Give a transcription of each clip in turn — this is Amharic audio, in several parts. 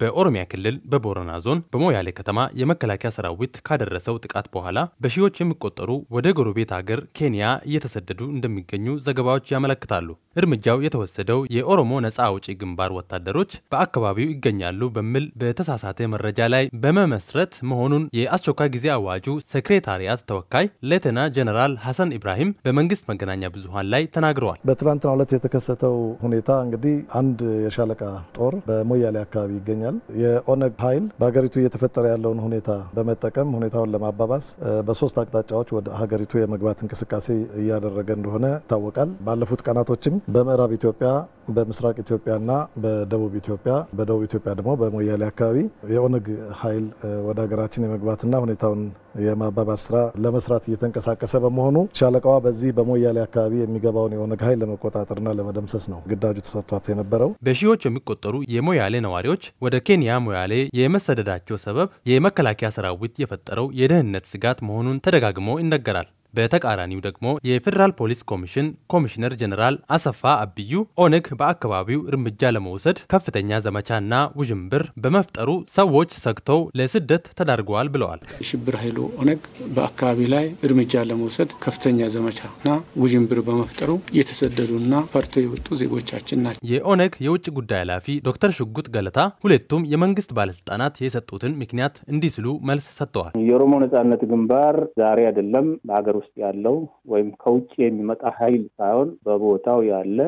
በኦሮሚያ ክልል በቦረና ዞን በሞያሌ ከተማ የመከላከያ ሰራዊት ካደረሰው ጥቃት በኋላ በሺዎች የሚቆጠሩ ወደ ጎረቤት ሀገር ኬንያ እየተሰደዱ እንደሚገኙ ዘገባዎች ያመለክታሉ። እርምጃው የተወሰደው የኦሮሞ ነፃ አውጪ ግንባር ወታደሮች በአካባቢው ይገኛሉ በሚል በተሳሳተ መረጃ ላይ በመመስረት መሆኑን የአስቸኳይ ጊዜ አዋጁ ሴክሬታሪያት ተወካይ ሌተና ጀነራል ሀሰን ኢብራሂም በመንግስት መገናኛ ብዙኃን ላይ ተናግረዋል። በትናንትናው ዕለት የተከሰተው ሁኔታ እንግዲህ አንድ የሻለቃ ጦር በሞያሌ አካባቢ ይገኛል ይመስለኛል። የኦነግ ኃይል በሀገሪቱ እየተፈጠረ ያለውን ሁኔታ በመጠቀም ሁኔታውን ለማባባስ በሶስት አቅጣጫዎች ወደ ሀገሪቱ የመግባት እንቅስቃሴ እያደረገ እንደሆነ ይታወቃል። ባለፉት ቀናቶችም በምዕራብ ኢትዮጵያ በምስራቅ ኢትዮጵያና በደቡብ ኢትዮጵያ በደቡብ ኢትዮጵያ ደግሞ በሞያሌ አካባቢ የኦነግ ኃይል ወደ ሀገራችን የመግባትና ሁኔታውን የማባባት ስራ ለመስራት እየተንቀሳቀሰ በመሆኑ ሻለቃዋ በዚህ በሞያሌ አካባቢ የሚገባውን የኦነግ ኃይል ለመቆጣጠርና ለመደምሰስ ነው ግዳጁ ተሰጥቷት የነበረው። በሺዎች የሚቆጠሩ የሞያሌ ነዋሪዎች ወደ ኬንያ ሞያሌ የመሰደዳቸው ሰበብ የመከላከያ ሰራዊት የፈጠረው የደህንነት ስጋት መሆኑን ተደጋግሞ ይነገራል። በተቃራኒው ደግሞ የፌዴራል ፖሊስ ኮሚሽን ኮሚሽነር ጀኔራል አሰፋ አብዩ ኦነግ በአካባቢው እርምጃ ለመውሰድ ከፍተኛ ዘመቻና ውዥንብር በመፍጠሩ ሰዎች ሰግተው ለስደት ተዳርገዋል ብለዋል። ሽብር ኃይሉ ኦነግ በአካባቢ ላይ እርምጃ ለመውሰድ ከፍተኛ ዘመቻና ውዥንብር በመፍጠሩ የተሰደዱና ፈርቶ የወጡ ዜጎቻችን ናቸው። የኦነግ የውጭ ጉዳይ ኃላፊ ዶክተር ሽጉጥ ገለታ ሁለቱም የመንግስት ባለስልጣናት የሰጡትን ምክንያት እንዲህ ሲሉ መልስ ሰጥተዋል። የኦሮሞ ነጻነት ግንባር ዛሬ አይደለም በሀገር ውስጥ ያለው ወይም ከውጭ የሚመጣ ኃይል ሳይሆን በቦታው ያለ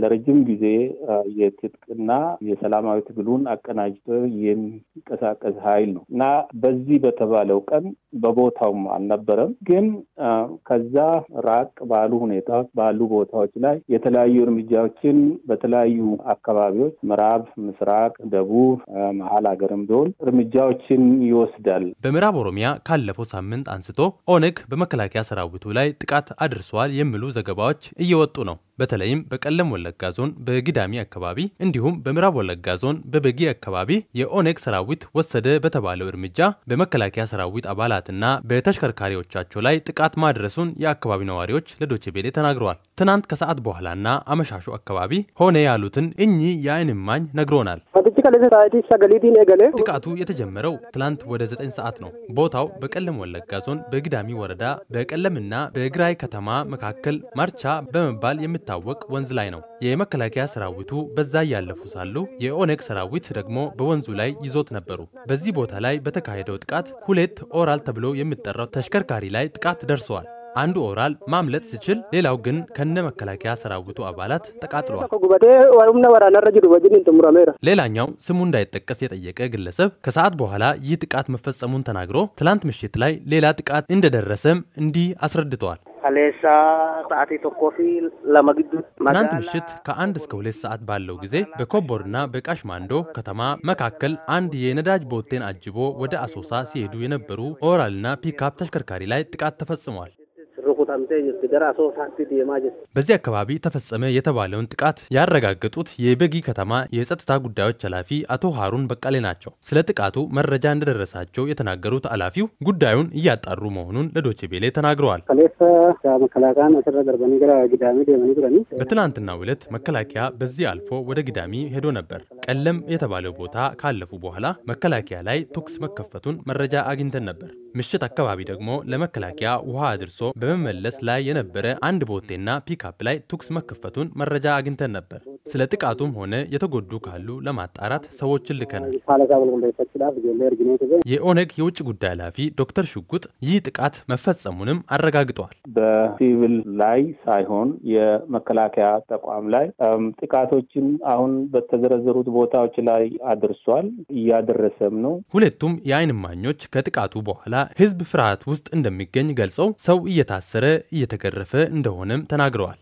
ለረጅም ጊዜ የትጥቅና የሰላማዊ ትግሉን አቀናጅቶ የሚንቀሳቀስ ኃይል ነው እና በዚህ በተባለው ቀን በቦታውም አልነበረም። ግን ከዛ ራቅ ባሉ ሁኔታ ባሉ ቦታዎች ላይ የተለያዩ እርምጃዎችን በተለያዩ አካባቢዎች ምዕራብ፣ ምስራቅ፣ ደቡብ፣ መሀል ሀገርም ቢሆን እርምጃዎችን ይወስዳል። በምዕራብ ኦሮሚያ ካለፈው ሳምንት አንስቶ ኦነግ በመከላከያ ሰራ ሰራዊቱ ላይ ጥቃት አድርሷል የሚሉ ዘገባዎች እየወጡ ነው። በተለይም በቀለም ወለጋ ዞን በግዳሚ አካባቢ እንዲሁም በምዕራብ ወለጋ ዞን በበጊ አካባቢ የኦነግ ሰራዊት ወሰደ በተባለው እርምጃ በመከላከያ ሰራዊት አባላትና በተሽከርካሪዎቻቸው ላይ ጥቃት ማድረሱን የአካባቢ ነዋሪዎች ለዶችቤሌ ተናግረዋል። ትናንት ከሰዓት በኋላና አመሻሹ አካባቢ ሆነ ያሉትን እኚህ የአይን እማኝ ነግሮናል። ጥቃቱ የተጀመረው ትላንት ወደ ዘጠኝ ሰዓት ነው። ቦታው በቀለም ወለጋ ዞን በግዳሚ ወረዳ በቀለምና በግራይ ከተማ መካከል ማርቻ በመባል የምት የሚታወቅ ወንዝ ላይ ነው። የመከላከያ ሰራዊቱ በዛ እያለፉ ሳሉ የኦነግ ሰራዊት ደግሞ በወንዙ ላይ ይዞት ነበሩ። በዚህ ቦታ ላይ በተካሄደው ጥቃት ሁለት ኦራል ተብሎ የሚጠራው ተሽከርካሪ ላይ ጥቃት ደርሰዋል። አንዱ ኦራል ማምለጥ ሲችል፣ ሌላው ግን ከነ መከላከያ ሰራዊቱ አባላት ተቃጥሏል። ሌላኛው ስሙ እንዳይጠቀስ የጠየቀ ግለሰብ ከሰዓት በኋላ ይህ ጥቃት መፈጸሙን ተናግሮ ትላንት ምሽት ላይ ሌላ ጥቃት እንደደረሰም እንዲህ አስረድተዋል። ትናንት ምሽት ከአንድ እስከ ሁለት ሰዓት ባለው ጊዜ በኮቦርና በቃሽማንዶ ከተማ መካከል አንድ የነዳጅ ቦቴን አጅቦ ወደ አሶሳ ሲሄዱ የነበሩ ኦራልና ፒካፕ ተሽከርካሪ ላይ ጥቃት ተፈጽሟል። በዚህ አካባቢ ተፈጸመ የተባለውን ጥቃት ያረጋገጡት የበጊ ከተማ የጸጥታ ጉዳዮች ኃላፊ አቶ ሀሩን በቃሌ ናቸው። ስለ ጥቃቱ መረጃ እንደደረሳቸው የተናገሩት ኃላፊው ጉዳዩን እያጣሩ መሆኑን ለዶቼ ቤሌ ተናግረዋል። በትናንትናው ዕለት መከላከያ በዚህ አልፎ ወደ ግዳሚ ሄዶ ነበር። ቀለም የተባለው ቦታ ካለፉ በኋላ መከላከያ ላይ ተኩስ መከፈቱን መረጃ አግኝተን ነበር። ምሽት አካባቢ ደግሞ ለመከላከያ ውሃ አድርሶ በመመለስ ላይ የነበረ አንድ ቦቴና ፒካፕ ላይ ተኩስ መከፈቱን መረጃ አግኝተን ነበር። ስለ ጥቃቱም ሆነ የተጎዱ ካሉ ለማጣራት ሰዎችን ልከናል። የኦነግ የውጭ ጉዳይ ኃላፊ ዶክተር ሽጉጥ ይህ ጥቃት መፈጸሙንም አረጋግጠዋል። በሲቪል ላይ ሳይሆን የመከላከያ ተቋም ላይ ጥቃቶችን አሁን በተዘረዘሩት ቦታዎች ላይ አድርሷል፣ እያደረሰም ነው። ሁለቱም የአይን ማኞች ከጥቃቱ በኋላ ህዝብ ፍርሃት ውስጥ እንደሚገኝ ገልጸው ሰው እየታሰረ እየተገረፈ እንደሆነም ተናግረዋል።